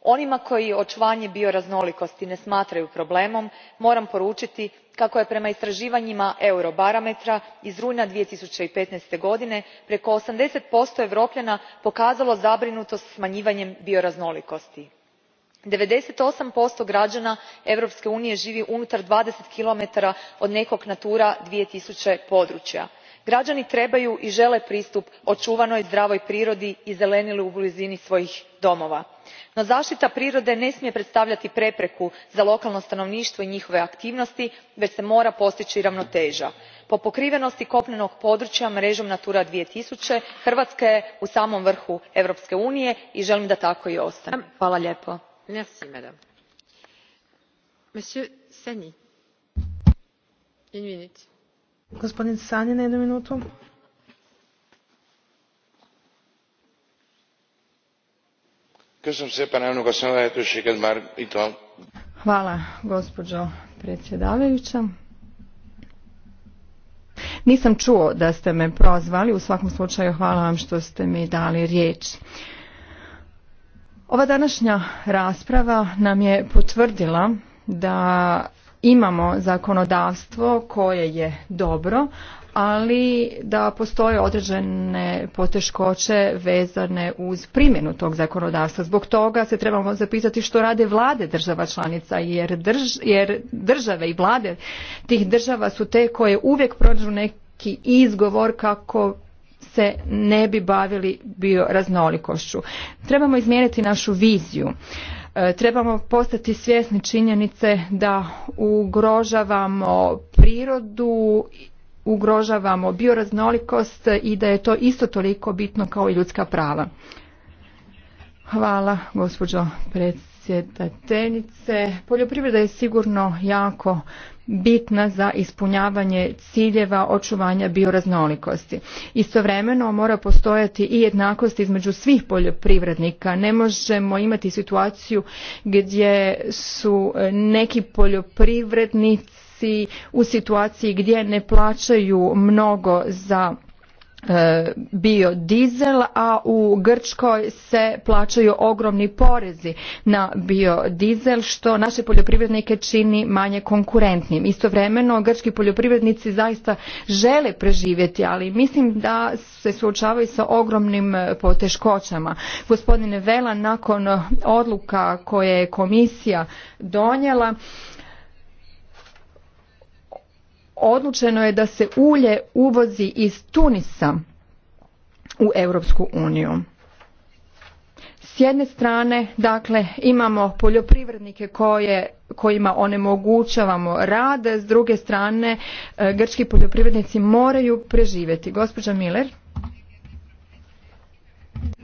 onima koji očuvanje bioraznolikosti ne smatraju problemom moram poruiti kako je prema istraivanjima eurobarometra iz rujna. two thousand and fifteen godine preko eighty europljana pokazalo zabrinutost smanjivanjem bioraznolikosti. ninety eight graana europske unije ivi unutar twenty kilometara od nekog natura two thousand podruja građani trebaju i žele pristup očuvanoj zdravoj prirodi i zelenilu u blizini svojih domova. no zaštita prirode ne smije predstavljati prepreku za lokalno stanovništvo i njihove aktivnosti već se mora postići ravnoteža. po pokrivenosti kopnenog područja mrežom natura two thousand hrvatska je u samom vrhu europske unije i želim da tako i ostane. Gospodin Sanje na jednu minutu. Hvala gospođo predsjedavajuća. Nisam čuo da ste me prozvali, u svakom slučaju hvala vam što ste mi dali riječ. Ova današnja rasprava nam je potvrdila da imamo zakonodavstvo koje je dobro, ali da postoje određene poteškoće vezane uz primjenu tog zakonodavstva. Zbog toga se trebamo zapisati što rade vlade država članica, jer, jer države i vlade tih država su te koje uvijek prođu neki izgovor kako se ne bi bavili bioraznolikošću. Trebamo izmijeniti našu viziju. E, trebamo postati svjesni činjenice da ugrožavamo prirodu, ugrožavamo bioraznolikost i da je to isto toliko bitno kao i ljudska prava. Hvala gospođo predsjedateljice. Poljoprivreda je sigurno jako bitna za ispunjavanje ciljeva očuvanja bioraznolikosti. Istovremeno mora postojati i jednakost između svih poljoprivrednika. Ne možemo imati situaciju gdje su e, neki poljoprivrednici u situaciji gdje ne plaćaju mnogo za E, biodizel, a u Grčkoj se plaćaju ogromni porezi na biodizel što naše poljoprivrednike čini manje konkurentnim. Istovremeno grčki poljoprivrednici zaista žele preživjeti, ali mislim da se suočavaju sa ogromnim e, poteškoćama. Gospodine Vela, nakon odluka koje je komisija donijela, odlučeno je da se ulje uvozi iz Tunisa u Europsku uniju. S jedne strane, dakle, imamo poljoprivrednike koje, kojima onemogućavamo rad, s druge strane, e, grčki poljoprivrednici moraju preživjeti. Gospođa Miller.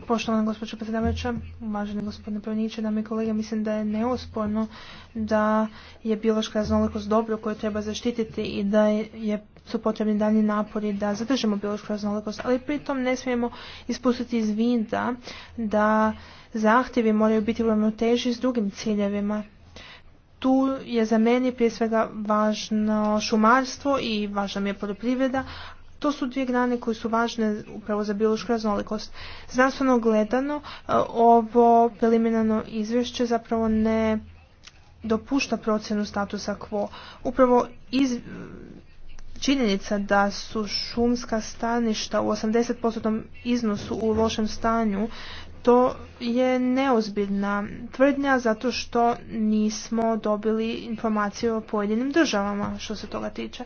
Poštovana gospođo predsjedavajuća, uvaženi gospodine Pravniče, dame i kolege, mislim da je neosporno da je biološka raznolikost dobro koju treba zaštititi i da je, su potrebni dani napori da zadržimo biološku raznolikost, ali pritom ne smijemo ispustiti iz vida da zahtjevi moraju biti u ravnoteži s drugim ciljevima. Tu je za meni prije svega važno šumarstvo i važna mi je poljoprivreda, to su dvije grane koje su važne upravo za biološku raznolikost. Znanstveno gledano, e, ovo preliminarno izvješće zapravo ne dopušta procjenu statusa quo. Upravo iz, činjenica da su šumska staništa u 80% iznosu u lošem stanju to je neozbiljna tvrdnja zato što nismo dobili informaciju o pojedinim državama što se toga tiče.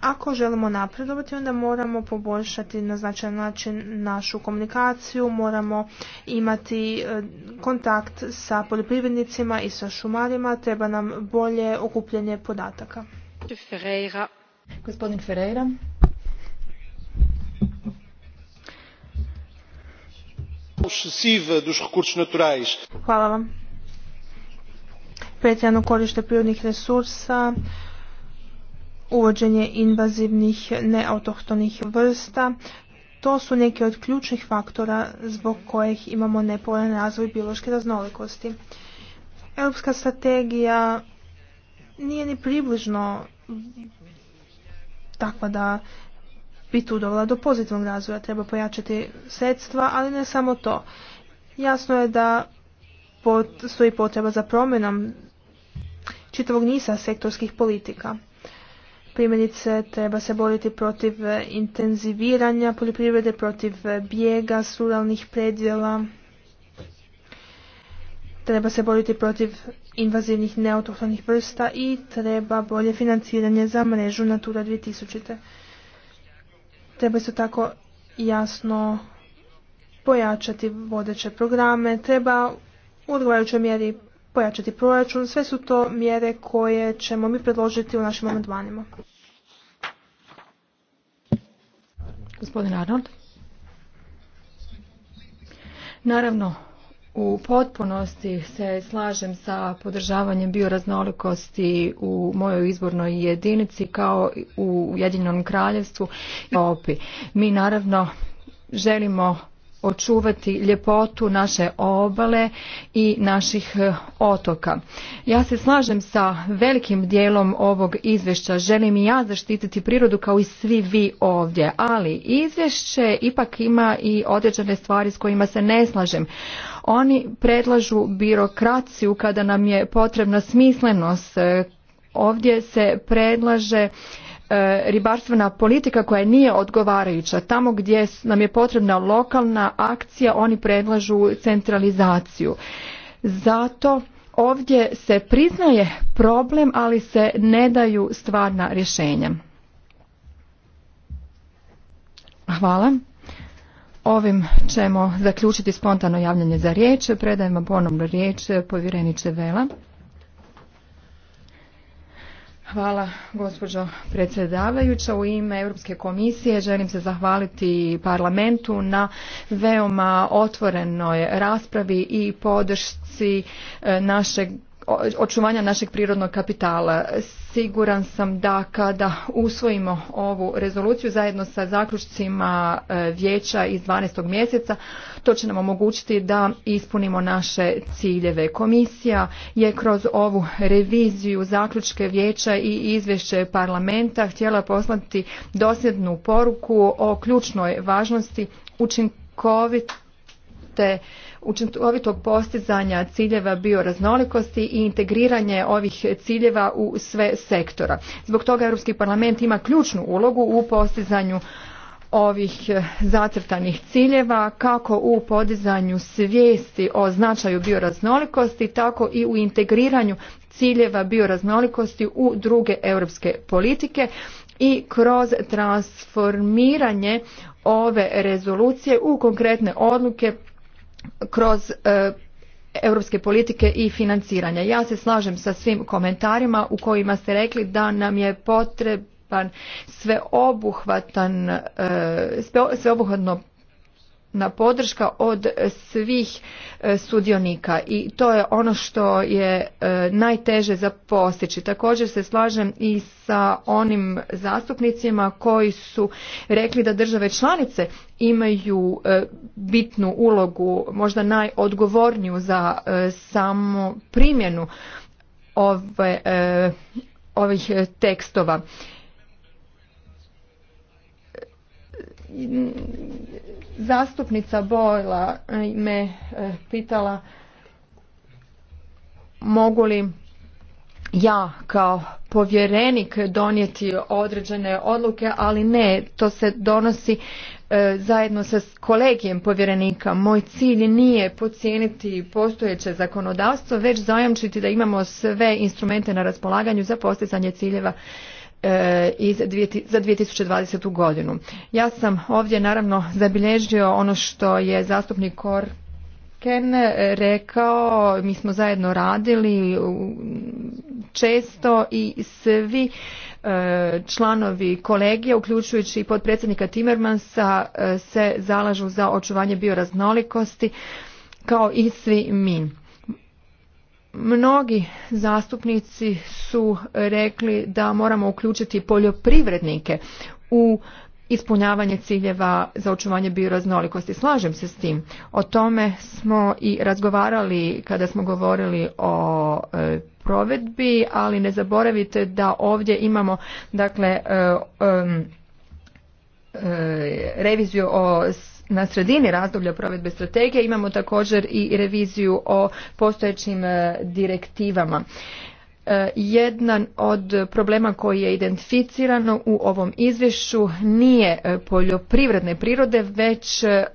Ako želimo napredovati, onda moramo poboljšati na značajan način našu komunikaciju, moramo imati e, kontakt sa poljoprivrednicima i sa šumarima, treba nam bolje okupljanje podataka. Gospodin Ferreira. Hvala vam. Pretjerano korište prirodnih resursa, uvođenje invazivnih neautohtonih vrsta, to su neki od ključnih faktora zbog kojih imamo nepovoljan razvoj biološke raznolikosti. Europska strategija nije ni približno takva da bi tu dovela do pozitivnog razvoja. Treba pojačati sredstva, ali ne samo to. Jasno je da stoji potreba za promjenom čitavog nisa sektorskih politika. Primjerice, treba se boriti protiv intenziviranja poljoprivrede, protiv bijega s ruralnih predjela. Treba se boriti protiv invazivnih neautohtonih vrsta i treba bolje financiranje za mrežu Natura 2000. Treba isto tako jasno pojačati vodeće programe, treba u odgovarajućoj mjeri pojačati proračun. Sve su to mjere koje ćemo mi predložiti u našim amandmanima. Gospodin Arnold. Naravno, u potpunosti se slažem sa podržavanjem bioraznolikosti u mojoj izbornoj jedinici kao u Ujedinjenom kraljevstvu i Europi. Mi naravno želimo očuvati ljepotu naše obale i naših e, otoka. Ja se slažem sa velikim dijelom ovog izvješća. Želim i ja zaštititi prirodu kao i svi vi ovdje, ali izvješće ipak ima i određene stvari s kojima se ne slažem. Oni predlažu birokraciju kada nam je potrebna smislenost. E, ovdje se predlaže E, ribarstvena politika koja nije odgovarajuća. Tamo gdje nam je potrebna lokalna akcija, oni predlažu centralizaciju. Zato ovdje se priznaje problem, ali se ne daju stvarna rješenja. Hvala. Ovim ćemo zaključiti spontano javljanje za riječ. Predajem ponovno riječ povjereniče Vela. Hvala gospođo predsjedavajuća. U ime Europske komisije želim se zahvaliti parlamentu na veoma otvorenoj raspravi i podršci e, našeg očuvanja našeg prirodnog kapitala. Siguran sam da kada usvojimo ovu rezoluciju zajedno sa zaključcima e, vijeća iz 12. mjeseca, to će nam omogućiti da ispunimo naše ciljeve. Komisija je kroz ovu reviziju zaključke vijeća i izvješće parlamenta htjela poslati dosljednu poruku o ključnoj važnosti učinkovite učinkovitog postizanja ciljeva bioraznolikosti i integriranje ovih ciljeva u sve sektora. Zbog toga Europski parlament ima ključnu ulogu u postizanju ovih zacrtanih ciljeva kako u podizanju svijesti o značaju bioraznolikosti tako i u integriranju ciljeva bioraznolikosti u druge europske politike i kroz transformiranje ove rezolucije u konkretne odluke kroz e, europske politike i financiranja. Ja se slažem sa svim komentarima u kojima ste rekli da nam je potreban sveobuhvatan e, sveobuhvatno na podrška od svih e, sudionika i to je ono što je e, najteže za postići. Također se slažem i sa onim zastupnicima koji su rekli da države članice imaju e, bitnu ulogu, možda najodgovorniju za samu primjenu ove, ovih tekstova Zastupnica Bojla me e, pitala mogu li ja kao povjerenik donijeti određene odluke, ali ne, to se donosi e, zajedno sa kolegijem povjerenika. Moj cilj nije pocijeniti postojeće zakonodavstvo, već zajamčiti da imamo sve instrumente na raspolaganju za postizanje ciljeva E, iz za 2020. godinu. Ja sam ovdje naravno zabilježio ono što je zastupnik Kor Ken rekao, mi smo zajedno radili često i svi e, članovi kolegije, uključujući i potpredsjednika Timmermansa, e, se zalažu za očuvanje bioraznolikosti kao i svi mi. Mnogi zastupnici su rekli da moramo uključiti poljoprivrednike u ispunjavanje ciljeva za očuvanje bioraznolikosti. Slažem se s tim. O tome smo i razgovarali kada smo govorili o e, provedbi, ali ne zaboravite da ovdje imamo dakle e, e, reviziju o na sredini razdoblja provedbe strategije imamo također i reviziju o postojećim e, direktivama. E, jedan od problema koji je identificirano u ovom izvješću nije e, poljoprivredne prirode već e,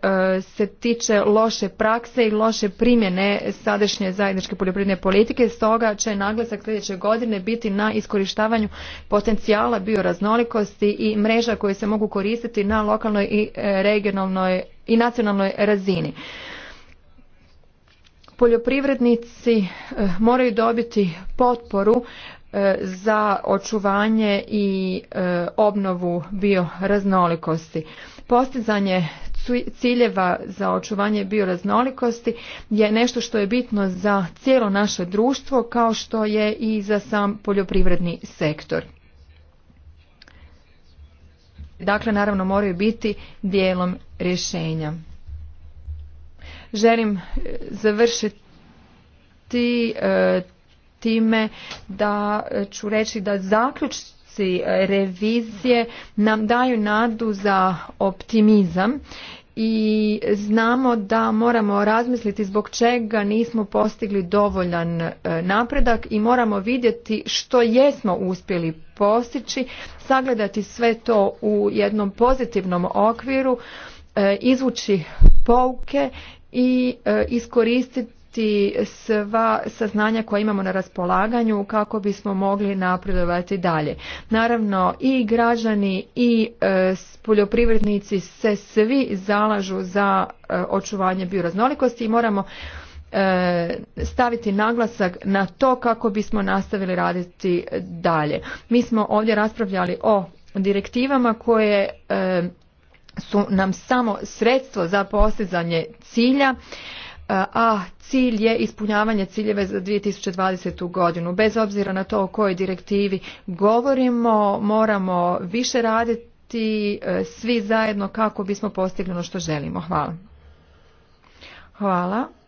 se tiče loše prakse i loše primjene sadašnje zajedničke poljoprivredne politike stoga će naglasak sljedeće godine biti na iskorištavanju potencijala bioraznolikosti i mreža koje se mogu koristiti na lokalnoj i regionalnoj i nacionalnoj razini poljoprivrednici eh, moraju dobiti potporu eh, za očuvanje i eh, obnovu bioraznolikosti. Postizanje ciljeva za očuvanje bioraznolikosti je nešto što je bitno za cijelo naše društvo kao što je i za sam poljoprivredni sektor. Dakle, naravno moraju biti dijelom rješenja želim e, završiti e, time da e, ću reći da zaključci revizije nam daju nadu za optimizam i znamo da moramo razmisliti zbog čega nismo postigli dovoljan napredak i moramo vidjeti što jesmo uspjeli postići, sagledati sve to u jednom pozitivnom okviru, izvući pouke i e, iskoristiti sva saznanja koja imamo na raspolaganju kako bismo mogli napredovati dalje. Naravno i građani i e, poljoprivrednici se svi zalažu za e, očuvanje bioraznolikosti i moramo staviti naglasak na to kako bismo nastavili raditi dalje. Mi smo ovdje raspravljali o direktivama koje su nam samo sredstvo za postizanje cilja e, a cilj je ispunjavanje ciljeve za 2020. godinu. Bez obzira na to o kojoj direktivi govorimo, moramo više raditi e, svi zajedno kako bismo postigli ono što želimo. Hvala. Hvala.